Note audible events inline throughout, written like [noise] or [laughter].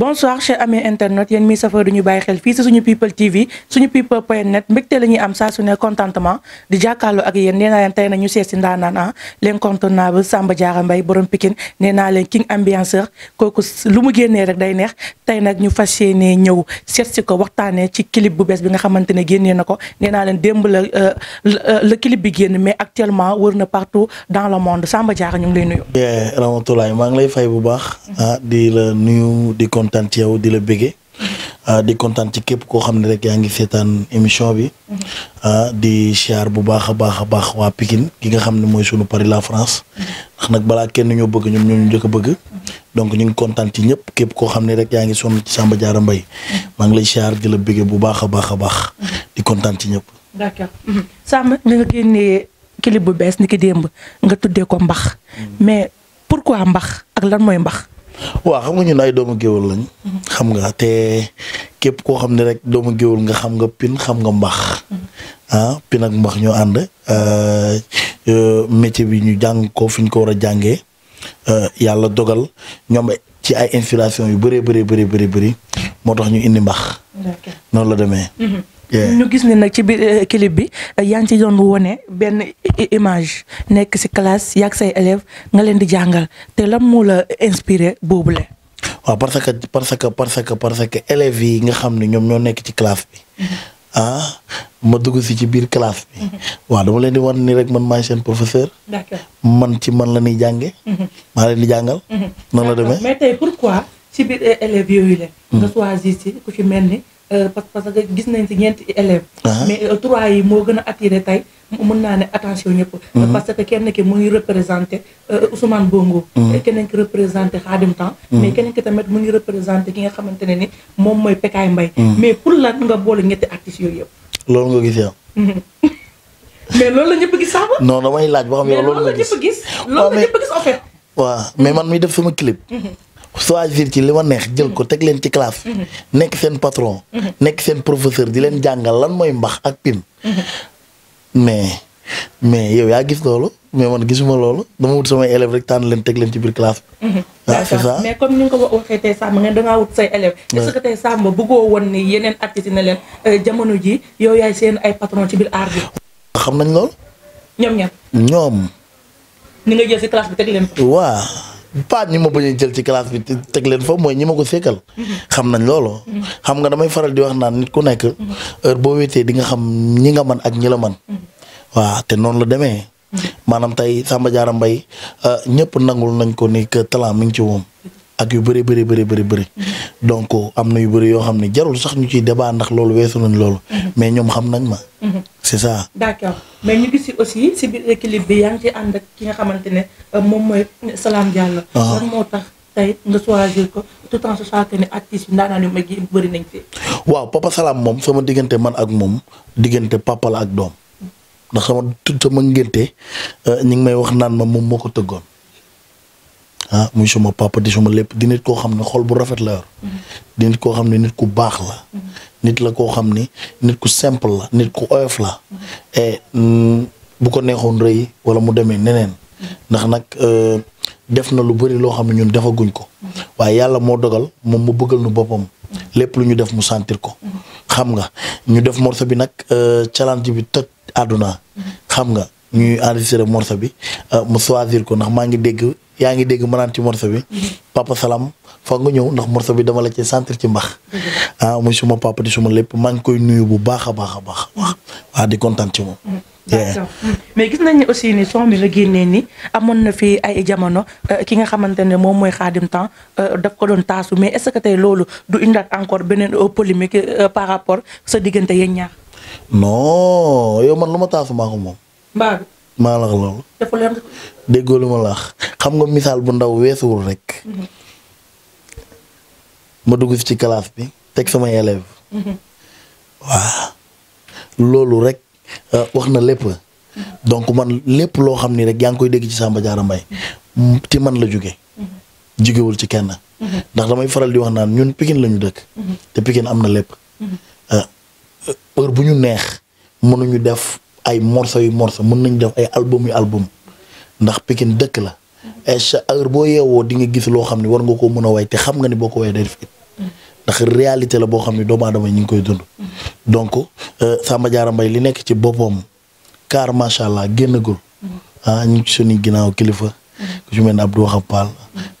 bonsoir chers amee internet yéen mi safar ñu bàyyi xel fii si suñu people tv suñu people point net mbégte la ñuy am saa su ne contentement di jàkkaarloo ak yéen nee naa leen tey na ñu seet si ndaanaan ah l'incontournable Samba Diarra Mbaye borom Pikine nee naa leen king ambianceur kooku lu mu génnee rek day neex tey nag ñu fas yéenee ñëw seet ko waxtaanee ci clip bu bees bi nga xamante ne génnee na ko nee naa leen démb la euh, le euh, bi génn mais actuellement wër na partout dans le monde Samba Diarra ñu ngi lay nuyu. Ramatoulaye maa ngi lay fay bu baax. Ah, di la nuyu di kontaan kontaan ci yow di la bége ah, di kontaan ci képp koo xam ne rek yaa ngi seetaan émission bi ah, di siyaar bu baax a baax a baax waa Pikine ki nga xam ne mooy sunu Paris la France ndax nag balaa kenn ñoo bëgg ñoom ñoo ñu njëkk a bëgg donc ñu ngi kontaan ci ñëpp képp koo xam ne rek yaa ngi sonn ci Samba jaar Mbaye maa ngi lay siyaar di la bége bu baax a baax a baax di kontaan ci ñëpp. d'accord mhm. Samba ñu nga génnee clip bu bees ni ki démb nga tuddee ko mbax mm. mais pourquoi mbax ak lan mooy mbax. waaw xam nga ñun ay doomu géwél lañ. xam nga te képp koo xam ne rek doomu géwél nga xam nga pin xam nga mbax. Mm-hmm. ah pin ak mbax ñoo ànd euh, euh, métier bi ñu jàng ko fi ñu ko war a jàngee euh, yàlla dogal ñoom ci ay inspiration yu bëree bëri bëri bëri bëri moo tax ñu indi mbax. noonu la demee. Mm-hmm. ñu gis ne nag ci biir euh, clip bi euh, yaa ngi ci doon wone benn image nekk si classe yàgg say élèves nga leen di jàngal te lan moo la inspiré boobu le waaw parce que parce que parce que parce yi nga xam ne ñoom ñoo nekk ci classe bi. ah ma dugg si ci biir classe bi. Mm-hmm. waaw dama leen di wan ni rek man maay seen professeur. d'accord man ci man la ñuy jànge mm-hmm. maa leen di jàngal. Mm-hmm. noonu la demee ci biir euh, yooyu la. nga choisir ci ku ni Euh, parce parce que gis nañ si ñeenti élèves. Ah. mais euh, trois yi moo gën a attiré tey mën naa ne attention ñëpp. Mm-hmm. parce que kenn ki mu ngi représenté euh, Ousmane Bongo. Mm-hmm. keneen ki représenté Khadim Tan. Mm-hmm. mais keneen ki tamit mu ngi représenté ki nga xamante ne ni moom mooy Pekaay Mbaye. mais pour lan nga boole ñetti artistes yooyu yëpp. loolu nga gis yow. Ah. [laughs] mais loolu la ñëpp gis sax ba. non damay laaj boo xam ne loolu la ñëpp gis. loolu la ñëpp gis en fait. mais man mi def sama clip. choisir ci li ma neex jël ko teg leen ci classe. Mhm. nekk seen patron. Mhm. nekk seen professeur di leen jàngal lan mooy mbax ak pim. Mhm. mais mais yow yaa gis loolu mais man gisuma loolu dama wut samay élèves rek tànn leen teg leen ci biir classe bi. waaw ah, c'est ça mais comme ni nga ko waxee tey Samba ngeen da ngaa wut say élèves. est-ce woon ni yeneen artistes yi ne leen euh, jamono ji yow yaay seen ay patron ci biir art bi. xam nañ loolu. ñoom ñoom. ñoom. ni nga jël si classe bi teg leen. waaw. pas ñi ma bañ a jël ci classe bi teg leen fa mooy ñi ma ko sekkal xam nañ loolu. xam nga damay faral di wax naan nit ku nekk heure boo wéetee di nga xam ñi nga man ak ñi la man waaw te noonu la demee. maanaam tey Samba Diarra Mbaye euh, ñëpp nangul nañ ko ni que talent mi ngi ci woom ak yu bëri bëri bëri bëri bëri donc am na yu bëri yoo xam ne jarul sax ñu ciy débat ndax loolu weesu nañ loolu mm-hmm. mais ñoom xam nañ ma mm-hmm. c'est ça d'accord mais ñu gis aussi si biir équilibre bi yaa ngi ci ànd ak ki nga xamante ne euh, moom mooy Salam Diallo ah. lan moo tax tey nga choisir ko tout en sachant que ne artistes yi ndaanaan yu mag yi bëri nañ fi waaw Papa Salam moom sama diggante man ak moom diggante papa ak doom mm. ndax sama sama ngénte euh, ñu ngi may wax naan ma moom moo ko tëggoon ah muy suma papa di suma lépp di nit koo xam ne xol bu rafet la yor mm-hmm. di nit koo xam ne nit ku baax la mm-hmm. nit la koo xam ni nit ku simple la nit ku oyof la mm-hmm. mm, bu ko neexoon rëy wala mu demee neneen ndax nag euh, def na lu bëri loo xam ne ñun defaguñ ko waaye yàlla moo dogal moom mu bëggal nu boppam lépp lu ñu def mu sentir ko xam nga ñu def morceau bi nag euh, challenge bi toj àdduna xam nga ñuy enregistré morceau bi euh, mu choisir ko ndax maa ngi dégg yaa ngi dégg mënaan ci morceau bi mm-hmm. papa salam foog nga ñëw ndax morso bi dama la ci sentir ci mbaax mm-hmm. ah muy suma papa di suma lépp maa ngi koy nuyu bu baax a baax a baax mm-hmm. waa di kontaan ci moom mais gis nañ ni aussi ni son bi nga génnee nii amoon na fi ay jamono euh, ki nga xamante ne moom mooy xaadim temps euh, daf ko doon taasu mais est-ce que tey loolu du indaat encore beneen polémique par rapport sa diggante yéen ñaar non yow man lu ma taasu maa ko moom mbaa maa la loolu. déggoo lu ma la xam nga misaal bu ndaw weesuwul rek. Mm-hmm. ma dugg ci kalaas bi teg sama élèves. Mm-hmm. waaw loolu rek euh, wax na lépp. Mm-hmm. donc man lépp loo xam ni rek yaa ngi koy dégg ci Samba Diarra Mbaye ci man la jóge jógewul ci kenn. ndax damay faral di wax naan ñun Pikine la dëkk. te Pikine am na lépp. Euh, heure bu ñu neex mënuñu def. ay morceaux yu morceaux mën nañ def ay album yu album ndax Pikine dëkk la ay heure boo yeewoo di nga gis loo xam ne war nga koo mën a way te xam nga ni boo ko way day def ndax réalité la boo xam ne doomu aadama ñu ngi koy dund donc euh, Samba Diarra Mbaye li nekk ci boppam car macha allah génnagul ah ñu ngi ginnaaw kilifa ku ci mel ne Abdou Waxam Paal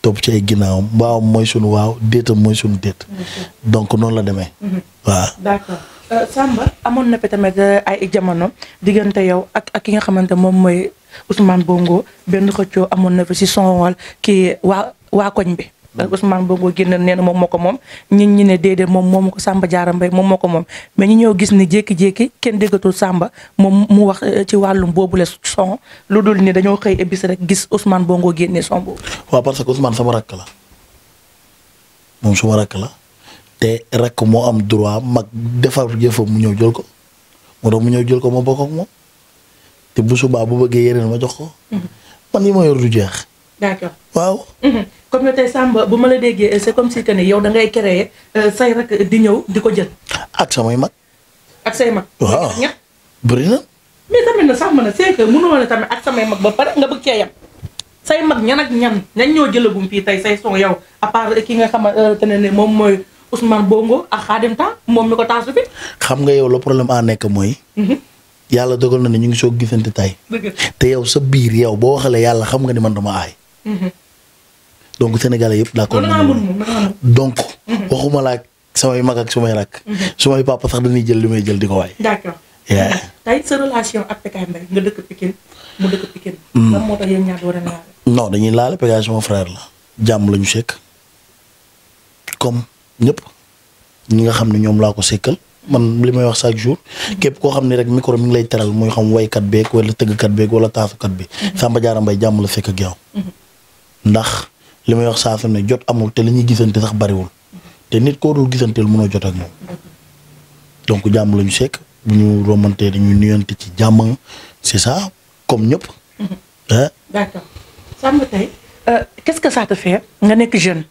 topp ci ay ginnaawam mbaawam mooy suñu waaw déetam mooy suñu déet donc noonu la demee mhm. waaw Euh, Samba amoon na fi tamit euh, ay jamono diggante yow ak ak ki nga xamante moom mooy Ousmane Bongo benn xëccoo amoon na fi si sonwal kii waa waa koñ bi. Mm. Ousmane Bongo génn nee na moom moo ko moom ñi ñi ne déedéet moom moomu ko Samba Diarra Mbaye moom moo ko moom mais ñi ñëw gis ni jékki-jékki kenn déggatul Samba moom mu wax euh, ci wàllum boobule son lu dul ni dañoo xëy bis rek gis Ousmane Bongo génnee son boobu. waaw parce que Ousmane sama rakk la moom suma la. te rakk moo am droit mag defar jëfam mu ñëw jël ko moo tax mu ñëw jël ko ma bokk ak moom te bu subaa bu bëggee yeneen ma jox ko. Mhm. man yi ma yor du jeex. d'accord waaw. Mhm. comme ne tey Samba bu ma la déggee c'est comme si que ne yow da ngay créer euh, say di ñëw di ko jël. ak samay mag. ak say mag. waaw bëri na. mais tamit na sax ma ne c'est que mënoo ne tamit ak samay mag ba pare nga bëgg cee yam say mag ñan ak ñan ñan ñoo jëlagum fii tey say son yow à ki nga xamante euh, ne moom mooy. Ousmane Bongo ak Khadim Temps moom mi ko taasu fi. xam nga yow la problème a nekk mooy. Mhm. yàlla dogal na ne ñu ngi soog gisante tay te yow sa biir yow boo waxalee yàlla xam nga ni man dama aay. Mhm. donc sénégalais yëpp d'accord donc. Mhm. la dañuy sa relation ak Pekaay a laale. non dañuy laale Pekaay sama frère la. jàmm la ñu sekk comme. ñëpp ñi nga xam ne ñoom laa ko sekkal man li may wax chaque jour képp koo xam ne rek micro mi ngi lay teral muy xam waykat beeg wala tëggkat beeg wala taasukat bi mm-hmm. Samba Diarra Mbaye jàmm ak yow mm-hmm. ndax li may wax saa su ne jot amul te li ñuy gisante sax bariwul te nit koo dul gisanteel mënoo jot ak moom mm-hmm. donc jàmm la ñu sekk bu ñu romantee dañuy nuyante ci jàmm c'est ça comme ñëpp. d'accord Samba tey euh, quest que ça te nga nekk jeune.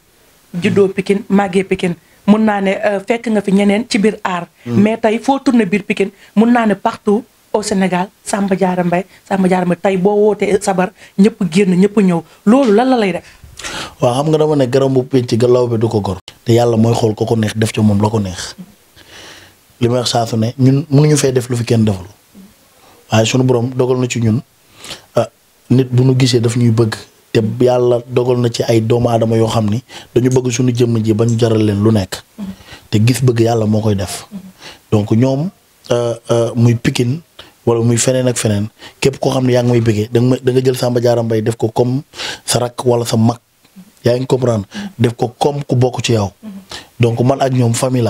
juddoo pikin màggee pikin mun naa ne euh, fekk nga fi ñeneen ci biir aar. Mm. mais tey foo tourné biir pikin mun naa ne partout au Sénégal Samba Diarra Mbaye Samba Diarra Mbaye tey boo wootee sabar ñëpp génn ñëpp ñëw loolu lan la lay def. waaw xam nga dama ne garam bu pénc galaw bi du ko gor. te yàlla mooy xool ko ko neex def ci moom la ko neex li ma wax saa su ne ñun mënuñu fee def lu fi kenn deful waaye sunu borom dogal na ci ñun ah, nit bu nu gisee daf ñuy bëgg. te yàlla dogal na ci ay doomu adama yoo xam ni dañu bëgg suñu jëmm ji ba ñu jaral leen lu nekk te gis bëgg yàlla moo koy def donc ñoom euh, euh, muy pikin wala muy feneen ak feneen képp koo xam ne yaa ngi may bëggee da nga da nga jël Samba Diarra Mbaye def ko comme sa rakk wala sa mag yaa ngi comprendre def ko comme ku bokk ci yow donc man ak ñoom famille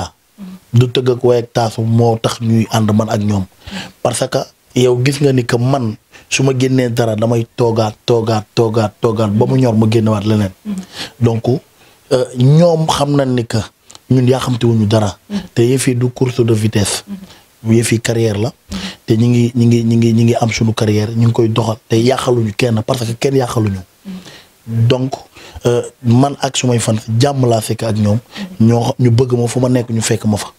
du tëgg ak way ak taasu moo tax ñuy ànd man ak ñoom parce que yow gis nga ni que man su ma génnee dara damay toogaat toogaat toogaat toogaat ba mu ñor ma génnewaat leneen. Mm-hmm. donc euh, ñoom xam nañ ni que ñun yaa xamte dara. Mm-hmm. te yëf du course de vitesse. Mm-hmm. yëf yi la. te ñi ngi ñi ngi ñi ngi ñi ngi am suñu carrière ñu ngi koy doxal te yàqaluñu kenn parce que kenn yàqaluñu. donc euh, man ak sumay fan jàmm laa fekk ak ñoom. ñoo ñu bëgg ma fu ma nekk ñu fekk ma fa.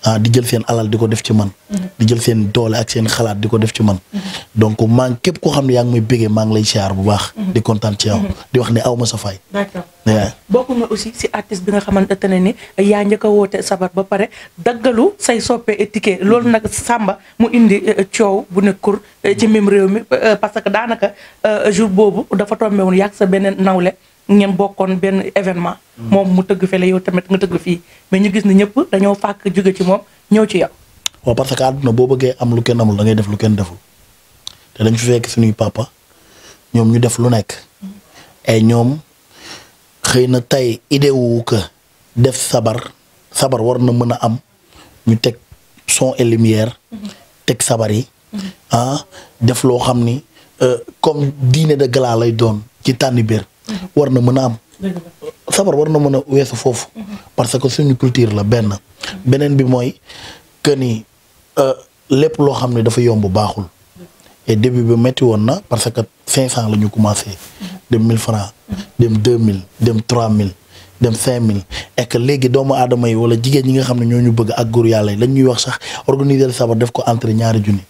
ah di jël seen alal di ko def ci man. Mhm. di jël seen doole ak seen xalaat di ko def ci man. Mhm. donc maa ngi képp koo xam ne yaa ngi may béggee maa ngi lay siyaar bu baax. Mhm. di kontaan ci yow. di wax ne aw ma sa fay. d'accord bokk aussi si artiste bi nga xamante ne ni yaa njëkk a woote sabar ba pare daggalu say soppe étiquette loolu nag sàmba mu indi euh, coow bu nekkul euh, ci même réew mi euh, parce que daanaka jour boobu dafa tombé woon yàgg sa beneen nawle. ngeen bokkoon benn événement. moom mu tëgg la yow tamit nga tëgg fii mais ñu gis ne ñëpp dañoo fàkk jóge ci moom ñëw ci yow. waaw parce que àdduna boo bëggee am lu kenn amul da def lu kenn deful te dañ fi fekk suñuy papa ñoom ñu def lu nekk. ay ñoom xëy na tey idée wu ko def sabar sabar war na mën a am ñu teg son et lumière. teg sabar yi. Ah, def loo xam ni euh, comme dîner de gala lay doon ci tànn war na mën a am. sabar war na mën a weesu foofu. parce que suñu culture la benn. beneen bi mooy que ni euh, lépp loo xam ne dafa yomb baaxul. et début bi métti woon na parce que 500 la ñu commencé. dem 1000 francs dem 2000 dem 3000 dem 5000 et que léegi doomu aadama yi wala jigéen ñi nga xam ne ñoo ñu bëgg ak góor yàlla yi lañ ñuy wax sax organiser sabar def ko entre ñaari junni.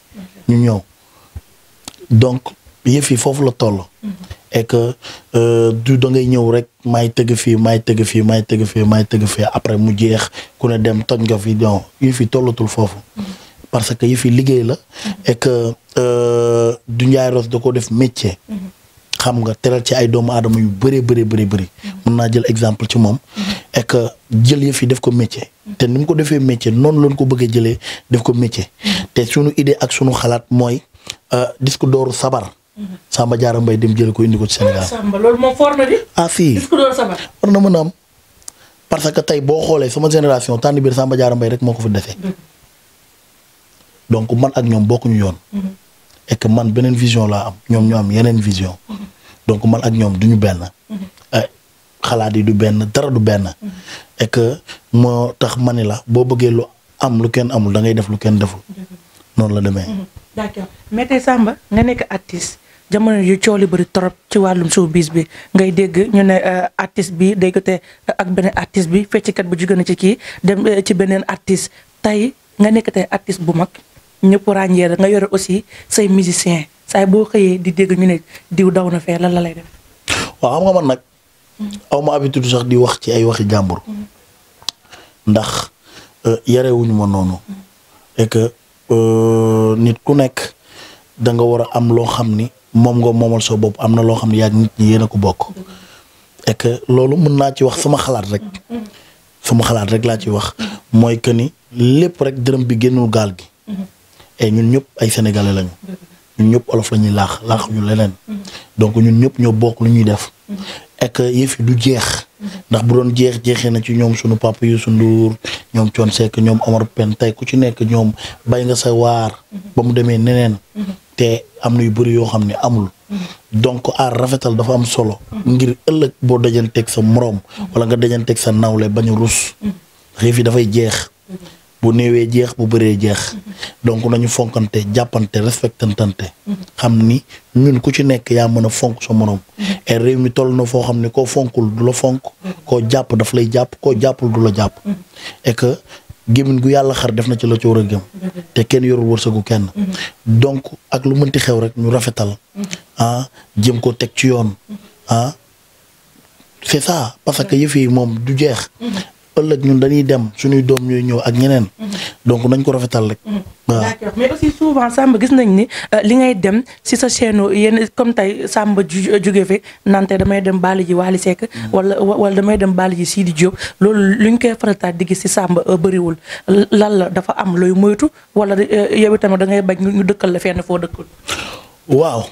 ñu ñëw donc yëf foofu la toll. et que euh, du da ngay ñëw rek may tëgg fii may tëgg fii may tëgg fii may tëgg fii après mu jeex ku ne dem toj nga fi donc yi fi tollatul foofu. Mm-hmm. parce que yi fi liggéey la. Mm-hmm. et que euh, Rose da ko def métier. Mm-hmm. xam nga teral ci ay doomu aadama yu bëree bëri bëri bëri. mun naa jël exemple ci moom. et jël yëf fi def ko métier. te nu mu ko defee métier noonu lañ ko bëggee jëlee def ko métier. te sunu idée ak sunu xalaat mooy euh, disque dooru sabar. Samba Diarra Mbaye dem jël ko indi ko ci Sénégal. Samba loolu moom fort na di. ah fii war na mën a am parce que tey boo xoolee sama génération tànn biir Samba Diarra Mbaye rek moo ko fi defee. donc man ak ñoom bokkuñu yoon. Mm-hmm. man beneen vision laa am ñoom ñu yeneen vision. Mm-hmm. donc man ak ñoom duñu benn. Mm-hmm. Eh, xalaat yi du benn dara du benn. et que moo tax ma ni la boo bëggee lu am lu kenn amul da ngay def lu kenn deful. noonu la demee. jamono yu coow li bëri torop ci wàllum showbiz bi ngay dégg ñu ne euh, artiste bi day euh, ak beneen artiste bi fecckat bu jugee ci kii dem euh, ci beneen artiste tey nga nekk tey artiste bu mag ñëpp ràññee la nga yore aussi say musicien saay boo xëyee di dégg ñu ne diw daw na fee lan la lay def. waaw xam nga man nag. aw ma habitude sax di wax ci ay waxi jàmbur. ndax yarewuñu ma noonu. et nit ku nekk. da war a am loo xam ni moom nga moomal soo bopp am na loo xam ne yaa nit ñi yéen ko bokk et que loolu mën naa ci wax sama xalaat rek sama xalaat rek laa ci wax mooy que ni lépp rek dërëm bi génnul gaal gi et ñun ñëpp ay sénégalais lañu ñun ñëpp olof la ñuy laax laax ñu leneen donc ñun ñëpp ñoo bokk lu ñuy def et que yëf yi du jeex ndax bu doon jeex jeexee na ci ñoom sunu papa Youssou Ndour ñoom Thione Seck ñoom Omar Pène tey ku ci nekk ñoom bay nga sa waar mu demee neneen te am na yu bëri yoo xam ne amul. donc aar rafetal dafa am solo. ngir ëllëg boo dajanteeg sa moroom. wala nga dajanteeg sa nawle bañ a rus. xiif yi dafay jeex. bu néewee jeex bu bëree jeex. donc nañu fonkante jàppante respectantante. xam ni ñun ku ci nekk yaa mën fonk sa moroom. et réew mi toll na foo xam ne koo fonkul du la fonk. koo jàpp daf lay jàpp koo jàppul du la jàpp. et que gu yàlla xar def na ci la ci war a gëm. te kenn yorul wërsëgu kenn. donc ak lu mënti xew rek ñu rafetal mhm. ah, jëm ko teg ci yoon ah c'est ça parce que mhm. yëf yi moom du jeex mhm. ëllëg ñun dañuy dem suñuy doom ñooy ñëw ak ñeneen. Mm-hmm. donc nañ ko rafetal rek. Mm-hmm. waaw d'accord mais aussi souvent sàmba gis nañ ni euh, li ngay dem si sa chaîne yenn comme tey Samba ju euh, jóge fi naan damay dem baali ji Wally Seck. Mm-hmm. wala wala damay dem baali ji Sidi Diop loolu luñ koy farataat di gis si Samba euh, bëriwul lan la dafa am looy moytu wala yow tamit da ngay bañ ñu dëkkal la fenn foo dëkkul. waaw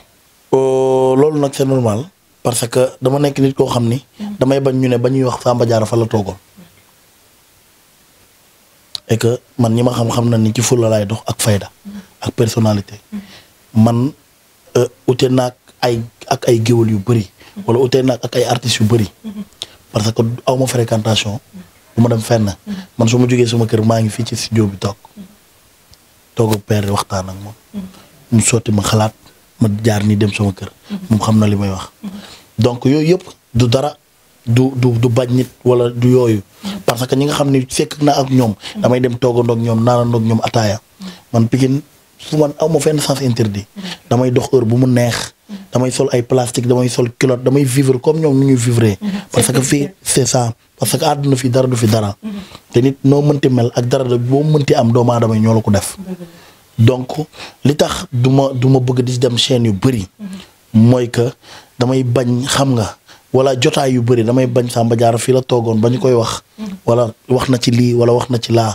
loolu nag c'est normal parce que dama nekk nit koo xam ni. damay bañ ñu ne ba ñuy wax Samba Diarra fa la toogoon. et man ñi ma xam-xam na ni ci fulla laay dox ak fayda ak personnalité man euh, ute na ay ak ay géwal yu bari wala ute naag ak ay artistes yu bëri parce que aw ma fréquentation bu ma dem fenn man su ma jógee sama kër maa ngi fii ci studio bi toog toog ak waxtaan ak moom mu sotti ma xalaat ma jaar ni dem sama kër moom xam na li may wax donc yooyu yëpp du dara du du du bañ nit wala du yooyu parce que ñi nga xam ne fekk na ak ñoom. damay dem toogandoo ak ñoom naanandoo ak ñoom ataaya. man Pikine su man aw ma fenn sens interdit. damay dox heure bu mu neex. damay sol ay plastique damay sol culotte damay vivre comme ñoom ni ñuy vivre. Mm-hmm. parce que fii c'est ça parce que àdduna fi dara du fi dara. Mm-hmm. te nit noo mënti mel ak dara boo mënti am doomu ñoo la ko def. donc li tax du ma du bëgg di dem chaîne yu bëri. Mm-hmm. mooy que damay bañ xam nga. wala jotaay yu bëri damay bañ Samba Diarra fii la toogoon ba ñu koy wax. wala wax na ci lii wala wax na ci laa.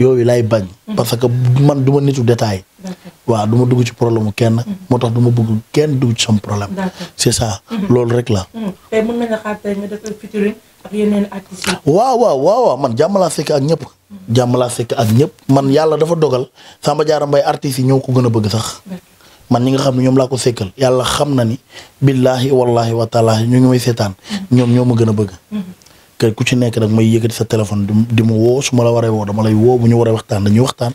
yooyu lay bañ. parce que man du ma nitu détail. waaw ma dugg ci problème mu kenn. Mm-hmm. moo tax du ma bëgg kenn dugg ci sama problème. c'est ça. Mm-hmm. loolu rek la. Mm-hmm. tey mën nañu waaw waaw waaw man jàmm laa sekk ak ñëpp. jàmm laa sekk ak ñëpp man yàlla dafa dogal Samba Diarra Mbaye yi ñoo ko gën a bëgg sax. man ñi nga xam ne ñoom laa ko sekkal yàlla xam na ni billaahi wallaahi wa taalaahi ñu ngi may seetaan ñoom ñoo ma gën a bëgg kay ku ci nekk nag may yëkkati sa téléphone di mu woo su ma la waree woo dama lay woo bu ñu waree waxtaan dañuy waxtaan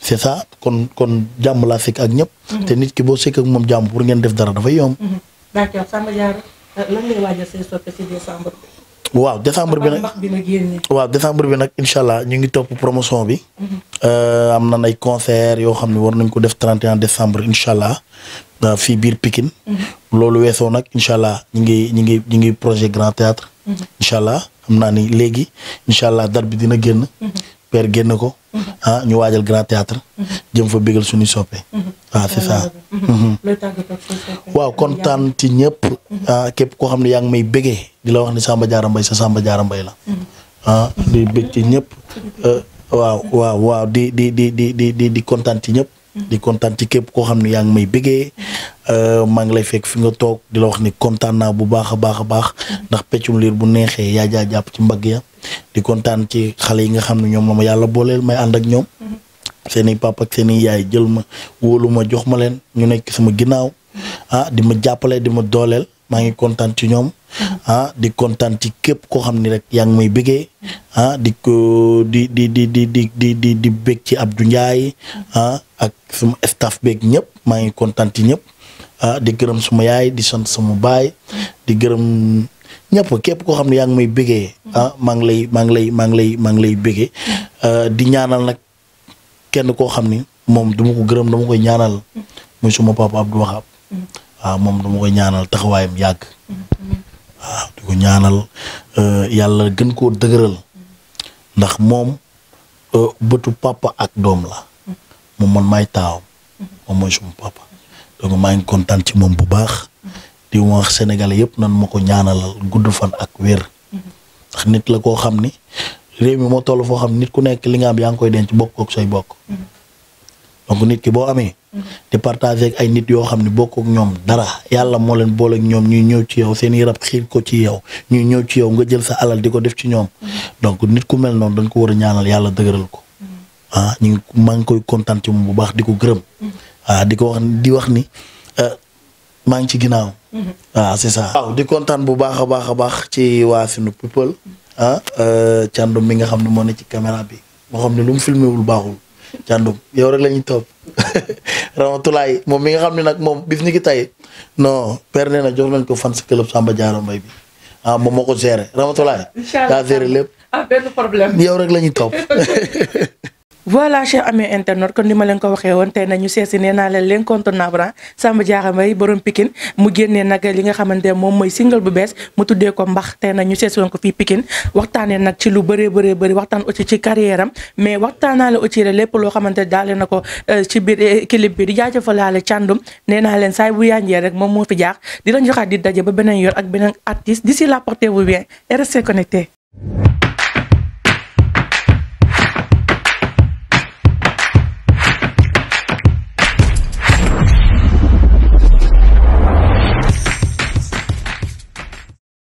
c'est kon kon jàmm laa sekk ak ñëpp te nit ki boo sekk ak moom jàmm pour ngeen def dara dafay yomb waaw décembre bi nag waaw décembre bi nag incha allah ñu ngi topp promotion bi. Mhm. Euh, am na ay concert yoo xam ne war nañ ko def 31 décembre incha allah euh, fii biir Pikine. Mhm. loolu weesoo nag incha allah ñu ngi ñu ngi ñu ngi projet grand théâtre mhm. incha allah xam naa ni léegi incha allah bi dina génn. père génn ko. Ah, ñu waajal grand théâtre jëm fa bégal suñuy soppe. waaw ah, c'est ça. waaw kontaan ci ñëpp. Ah, képp koo xam ne yaa ngi may bégee. di la wax ni sàmba Diarra Mbaye sa Samba Diarra Mbaye la. ah di bëgg ci ñëpp. Eh, waaw waaw waaw di di di di di di kontaan ci ñëpp. di kontaan ci képp koo xam ne yaa ngi may bëggee eh, maa ngi lay fekk fi toog di la wax ni kontaan naa bu baax a baax a baax ndax peccum liir bu neexee yaa jaa jàpp ci mbagg ya di kontaan ci xale yi nga xam ne ñoom la ma yàlla booleel may ànd ak ñoom seen i papa ak seen yaay jël ma wóolu ma jox ma leen ñu nekk sama ginnaaw ah di ma jàppale di ma dooleel maa ngi kontaan ci ñoom ah di kontaan ci képp koo xam ni rek yaa ngi may bëggee ah, di ko di di di di di di di di bëgg ci Abdou Ndiaye ah ak suma staff beeg ñëpp maa ngi kontaan ci ñëpp ah di gërëm suma yaay di sant sama baay di gërëm ñëpp képp koo xam ne yaa ngi may bëggee ah maa ngi lay maa ngi lay maa lay maa ngi bëggee ah, di ñaanal nag kenn koo xam ni moom duma ko gërëm dama koy ñaanal muy suma papa Abdou Wahab mm-hmm. waaw moom dama koy ñaanal taxawaayam yàgg mm-hmm. waaw di ko ñaanal euh, yàlla gën koo dëgëral ndax moom euh, bëtu papa ak doom la moom man maay taaw moom mooy suma papa donc maa ngi kontaan ci moom bu baax di wax Sénégalais yëpp nan ma ko ñaanalal gudd fan ak wér ndax nit la koo xam ni réew mi moo toll foo xam nit ku nekk li nga am yaa ngi koy denc bokk ak say bokk donc nit ki boo amee di partager ay nit yoo xam ne bokk ak ñoom dara yàlla moo leen boole ñoom ñuy ñëw ci yow seen i rab xiir ko ci yow ñuy ñëw ci yow nga jël sa alal di ko def ci ñoom. donc nit ku mel noonu dañ ko war a ñaanal yàlla dëgëral ko. ah ñu ngi maa ngi koy kontaan ci moom bu baax di ko gërëm. ah di ko wax di wax ni eh, maa ngi ci ginnaaw. waaw ah, c'est ça. waaw di kontaan bu baax a baax a baax ci waa sunu people. ah eh, mi nga xam ne moo ne ci caméra bi. moo xam ne lu mu filmé wul baaxul. jàndum yow rek la ñuy topp [laughs] ramatulaay moom mi nga xam ne nag moom bis ni ki tey non père nee na jox lan ko fan si club Samba Diarra Mbaye bi a ah, moom moo ko gérer ramatulaay. incha allah daa gérer lépp. ah benn rek la ñuy [laughs] voilà chers amis internautes kon ni ma leen ko waxee woon ñu nañu seesi nee naa leen l'incontournable Samba Diarra Mbaye borom Pikine mu génnee nag li nga xamante ne moom mooy single bu bees mu tuddee ko mbax tey nag ñu seesi woon ko fii Pikine waxtaanee nag ci lu bëree bëree bëri waxtaan aussi ci carrière am mais waxtaanaale aussi lépp loo xamante ne daale na ko euh, ci biir euh, clip bi di jaajëfalaale càndum nee naa leen saay bu yanjee rek moom moo fi jaax di la joxaat di daje ba beneen yoon ak beneen artiste d'ici là portez-vous bien et restez connectés